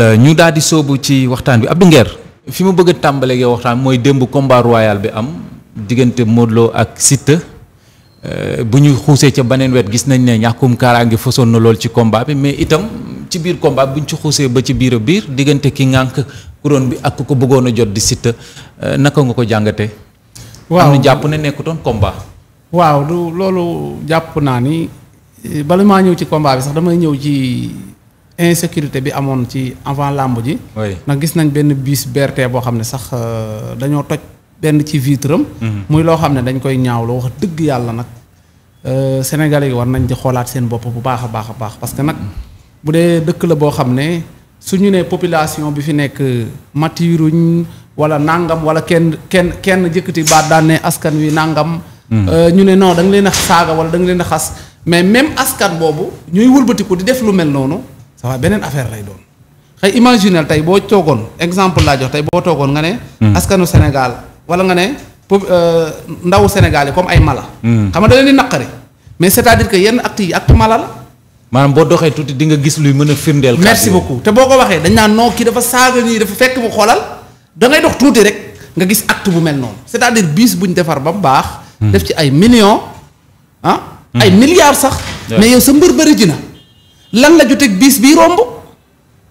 Euh, ñu daal di soobu ci waxtaan bi ab du Nguer fi ma bëgg tàmbale tàmbalee yow waxtaan mooy démb combat royal bi am diggante Modou Lo ak Siteu euh, bu ñu xuusee ca beneen wet gis nañ ne ñàkkum ngi fasoon na lool ci combat bi mais itam ci biir combat bu ñu ci xuusee ba ci biir biir diggante ki ngànk couronne bi ak ko bëggoon a jot di Siteu euh, naka nga ko jàngate waaw am na jàpp ne nekkutoon combat. waaw du loolu jàpp naa ni bala maa ñëw ci combat bi sax damay ñëw ci. insécurité bi amoon ci avant làmb ji. ndax gis nañ benn biis BRT boo xam ne sax euh, dañoo toj benn ci vitre am. Mhm. muy loo xam ne dañ koy ñaaw loo wax dëgg yàlla nag euh, Sénégalais yi war nañ di xoolaat seen bopp bu baax a baax a baax parce que nag bu dee dëkk la boo xam ne su ñu nee population bi fi nekk matiruñ wala nangam wala kenn kenn kenn jëkkati baat daan askan wi nangam. Mhm. Euh, ñu ne non da leen a saaga wala da leen a xas mais même askan boobu ñooy wëlbatiku di def lu noonu. ça beneen affaire lay doon xëy imaginel tey boo toogoon exemple laa jox tey boo toogoon nga ne. Hmm. askanu Sénégal wala nga ne euh, ndawu Sénégal yi comme ay mala. Hmm. xam nga da leen di naqari mais c'est-à-dire que yenn actes yi acte mala la. maanaam boo doxee tuuti di nga gis luy mën a firndeel. merci beaucoup te boo ko waxee dañ naa noo ki dafa saaga nii dafa fekk bu xoolal da ngay dox tuuti rek nga gis acte bu mel noonu c'est-à-dire bis bu ñu defar ba bu baax. Hmm. def ci ay million ah. ay milliards sax. mais sa mbër bëri ji na. lan la joteeg biis bii romb.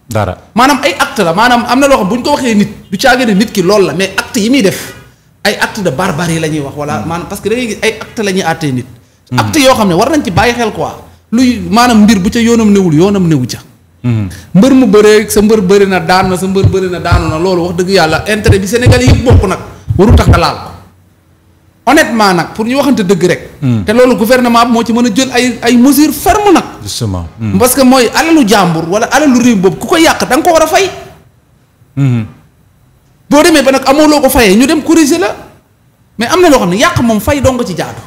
dara maanaam ay acte la maanaam am na loo xam bu ñu ko waxee nit du caage ne nit ki loolu la mais acte yi muy def ay acte de barbarie la ñuy wax wala hmm. maanaam parce que da gis ay acte la ñuy àttee nit. Hmm. acte yoo xam ne war nañ ci bàyyi xel quoi luy maanaam mbir bu ca yoonam newul yoonam newu ca. Hmm. mbër mu bëree sa mbër bëri na daan na sa mbër bëri na daanu na loolu wax dëgg yàlla intérêt bi Sénégal yi bokk nag waru tax a laal honnêtement nag pour ñu waxante dëgg rek. Hmm. te loolu gouvernement bi moo ci mën a jël ay ay mesures fermes nag. justement hmm. parce que mooy alalu jàmbur wala alalu réew boobu ku ko yàq da ko war a fay. Hmm. boo demee ba nag amoo loo ko fayee ñu dem corriger la mais am na loo xam ne yàq moom fay dong ci jaadu.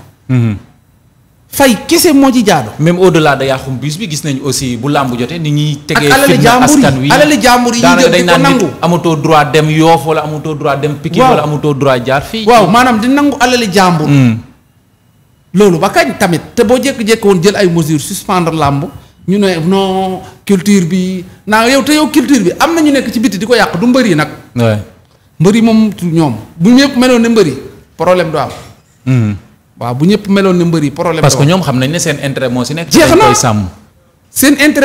fay kese moo ci jaadu. même au delà de yàqum bus bi gis nañu aussi bu làmb jotee ni ñuy. tegee fitna askan wi alali jàmbur yi alali jàmbur yi ñu jël di ko nangu amatoo droit dem Yoff wala amatoo droit dem. Pikine wala amatoo droit jaar fii. waaw maanaam di nangu alali jàmbur. Hmm. loolu ba kañ tamit te boo jékki-jékki woon jël ay mesures suspendre làmb ñu ne non culture bi naa yow te yow culture bi am na ñu nekk ci biti di ko yàq du mbëri nag. mbëri moom ñoom bu ñëpp meloon ne mbëri problème du am. Hmm. waaw bu ñëpp meloon ni mbër yi problème parce que ñoom xam nañ ne seen intérêt moo si nekk. jeex na sàmm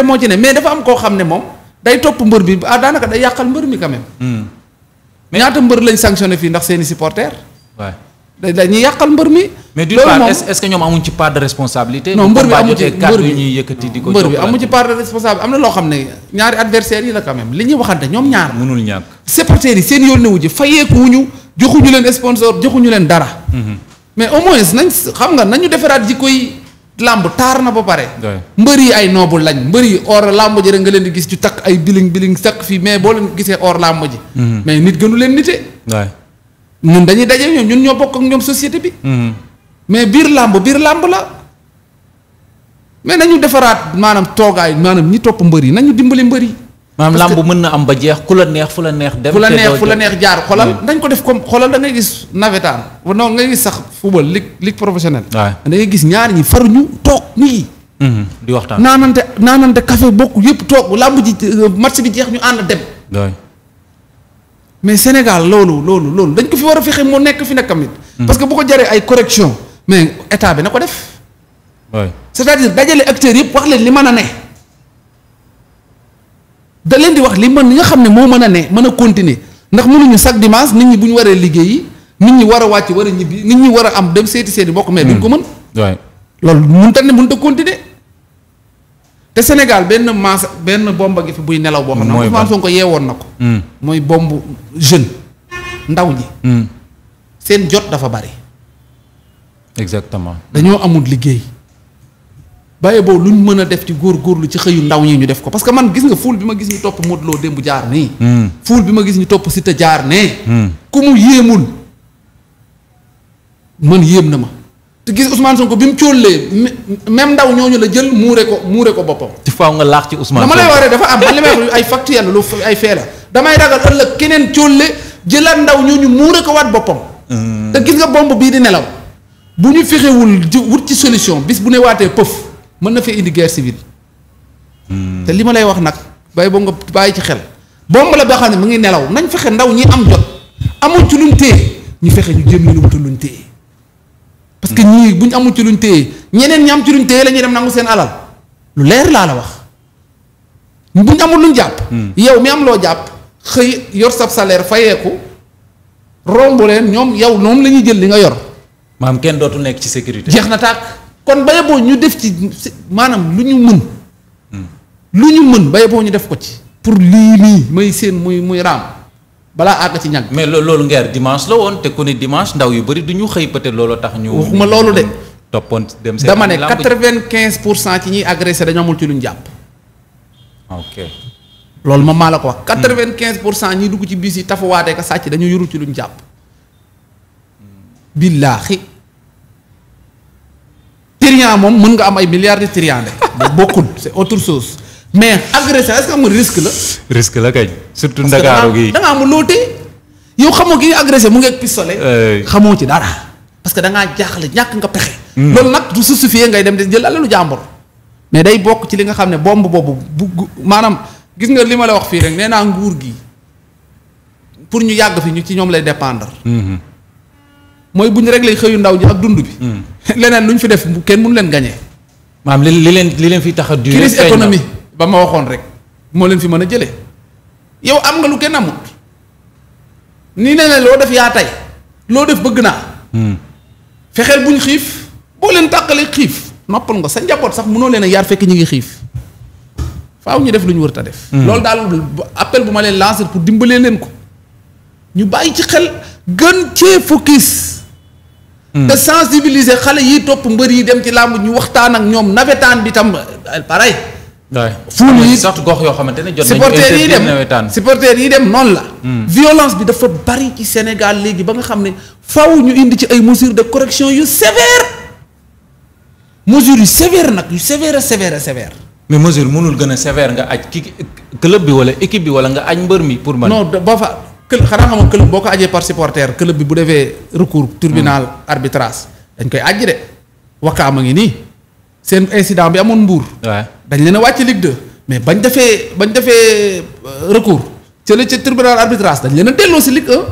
moo ci ne mais dafa am koo xam ne moom day topp mbër bi ah daanaka day yàqal mbër mi quand même. Hmm. mais ñaata mbër lañ sanctionné fii ndax seeni supporters. waay day mbër mi. mais d'une part est-ce que ñoom amuñ ci part de responsabilité. mbër bi amu ci mbër ko amu ci part de responsabilité am na loo xam ne ñaari adversaires yi la quand li ñuy waxante ñoom ñaar. mënul ñàkk supporters yi seen yoon ne wu ji fayeeku wuñu joxuñu leen sponsor joxuñu leen dara. Hmm. mais au moins nañ xam nga nañu defaraat ji koy làmb taar na ba pare. mbër yi ay noobu lañ mbër yi or làmb ji rek nga leen di gis ju takk ay biling biling takk fii mais boo leen gisee or làmb ji. Mhm. mais nit gënu leen nite. ñun dañuy daje ñoom ñun ñoo bokk ak ñoom société bi. Mhm. mais biir làmb biir làmb la. mais nañu defaraat maanaam toogaay maanaam ñi topp mbër yi nañu dimbali mbër yi. maanaam làmb mën na am ba jeex ku la neex fu la neex. dem la neex fu la neex jaar xolal dañ ko def comme xolal da ngay gis nawetaan non ngay gis sax football ligue ligue professionnelle. da ngay gis ñaar ñi ñu toog nii. Mhm, di waxtaan naanante naanante café bokk yëpp toog laa ji euh, match bi jeex ñu ànd dem. mais Sénégal loolu loolu loolu dañ ko fi war a fexe moo nekk fi nekkam it. Mhm. parce que bu ko jaree ay correction mais état bi na ko def. c'est-à-dire dajale acteurs yëpp wax leen li mën a ne. da leen di wax li mën li nga xam ne moo mën a ne mën a continuer ndax mënuñu chaque dimanche nit ñi bu ñu waree liggéey yi nit ñi war a wàcc war a ñibbi nit ñi war a am dem seeti seeni bokk mais duñ ko mën. waay hmm. loolu mënta ne mënta continuer. te Sénégal benn maas benn bomba gi fi buy nelaw boo xam ne Ousmane Sonko yeewoon na ko. Hmm. mooy bomb jeune ndaw ñi. Hmm. seen jot dafa bari. exactement dañoo amul liggéey. bàyyi boobu luñ mën a def ci góorgóorlu ci xëyu ndaw ñi ñu def ko parce que man gis nga fuul bi ma gis ñu topp Modou démb jaar nii. fuul bi ma gis ñu topp Siteu jaar ne ku mu yéemul. mën yéem na ma te gis Ousmane ko bi mu cóollee même ndaw ñooñu la jël muure ko muure ko boppam. ci faaw nga laax ci Ousmane Sonko dama lay waree dafa am man li may wax ay factuel lu ay fee la damay ragal ëllëg keneen cóolle jëlaat ndaw ñooñu muure ko waat boppam. Hmm. te gis nga bomb bii di nelaw bu ñu fexewul di wut ci solution bis bu ne waatee pëf mën na fee indi guerre civile. Hmm. te li ma lay wax nag bay boo nga bàyyi ci xel bomb la boo xam ne mu ngi nelaw nañ fexe ndaw ñi am jot amul ci luñ téye ñu fexe ñu jëm ñu luñ téye. parce que ñii bu ñu amul ci luñ téye ñeneen ñi am ci luñ téye la ñuy dem nangu seen alal lu leer laa la wax bu ñu amul luñ jàpp. Hmm. yow mi am loo jàpp xëy yor sab salaire fayeeku romb leen ñoom yow moom lañuy jël li nga yor. maam kenn dootu nekk ci sécurité. jeex na tàkk kon baye boo ñu def ci maanaam lu ñu mën. Hmm. lu ñu mën baye boo ñu def ko ci. pour lii nii may seen muy muy raam. balaa àgg ci ñag mais loolu ngeer dimanche la woon te ku ne dimanche ndaw yu bëri du ñu xëy peut-être looloo tax ñu. waxuma loolu de. toppoon dem seen dama ne quatre-vingt-quinze pour cent ci ñuy agressé dañoo amul ci luñ jàpp. ok. loolu moom maa la ko wax. Hmm. quatre-vingt-quinze pour cent ñi dugg ci bis yi tafawaatee ka sàcc dañu yuru ci luñ jàpp. billaahi. trian moom mën nga am ay milliards de trian de. bokkul c'est autre chose. mais agression est-ce que amul risque la. risque la kañ surtout ndakaaru gi da ngaa amul loo téye yow xamoo ki agressé mu ngi ak pistolet. Euh. xamoo ci dara. parce que da ngaa jaaxle ñàkk nga pexe. Hmm. loolu nag du justifier ngay dem di jël alalu jàmbur. mais day bokk ci li nga xam ne bomb boobu bugg maanaam gis nga li ma la wax fii rek nee naa nguur gi pour ñu yàgg fi ñu ci ñoom lay dépendre. Hmm. mooy bu ñu réglé xëyu ndaw ji ak dund bi. Hmm. leneen lu ñu fi def kenn mënu leen gagné. maam li leen li leen fi tax a. crise économie ba ma waxoon rek moo leen fi mën a jëlee yow am nga lu kenn amut ni ne ne loo def yaa tey loo def bëgg naa. Hmm. fexeel buñ xiif boo leen tàqalee xiif noppal nga sa njaboot sax mënoo leen a yar fekk ñu ngi xiif faaw ñu def lu ñu wër ta def. Hmm. loolu daal appel bu ma leen lancer pour dimbalee leen ko ñu bàyyi ci xel gën cee focus. Hmm. te sensibiliser xale yi topp mbër yi dem ci làmb ñu waxtaan ak ñoom nawetaan bi tam pareil. fuul yi sax gox yoo xamante ne jot supporters yi dem supporters yi dem noonu la hmm. violence bi dafa bari ci Sénégal léegi ba nga xam ne faw ñu indi ci ay mesures de correction yu sévère mesures yu sévère nag yu sévère sévère sévère mais mesure mënul gën a sévère nga aj ki club bi wala équipe bi wala nga aj mbër mi pour man non boo fa kël xanaa xam nga boo ko ajee par supporter club bi bu defee recours tribunal hmm. arbitrage dañ koy aj de wakaam a ngi nii seen incident bi amoon mbuur dañ leen a wàcc Ligue 2 mais bañ defee bañ defee euh, recours ca la ca tribunal arbitrage dañ leen a delloo si Ligue 1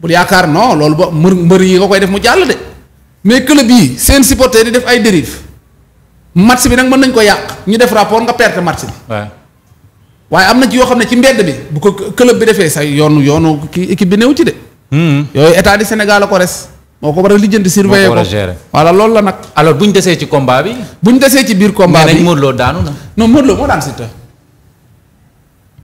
bul yaakaar non loolu ba mbër mbër yi nga koy def mu jàll de mais club yi seen supporter di def ay dérive match bi nag mën nañ ko yàq ñu def rapport nga perte match bi waaye am na ci yoo xam ne ci mbedd bi bu ko club bi defee sa yoonu yoonu kii équipe bi néew ci de hmm. yooyu état du Sénégal la ko res moo ko war a lijjanti surveiller ko voilà loolu la nag. alors bu ñu desee ci combat bi. bu ñu desee ci biir combat bi nee nañ Modou Lo daanu na. non Modou Lo moo daan Siteu.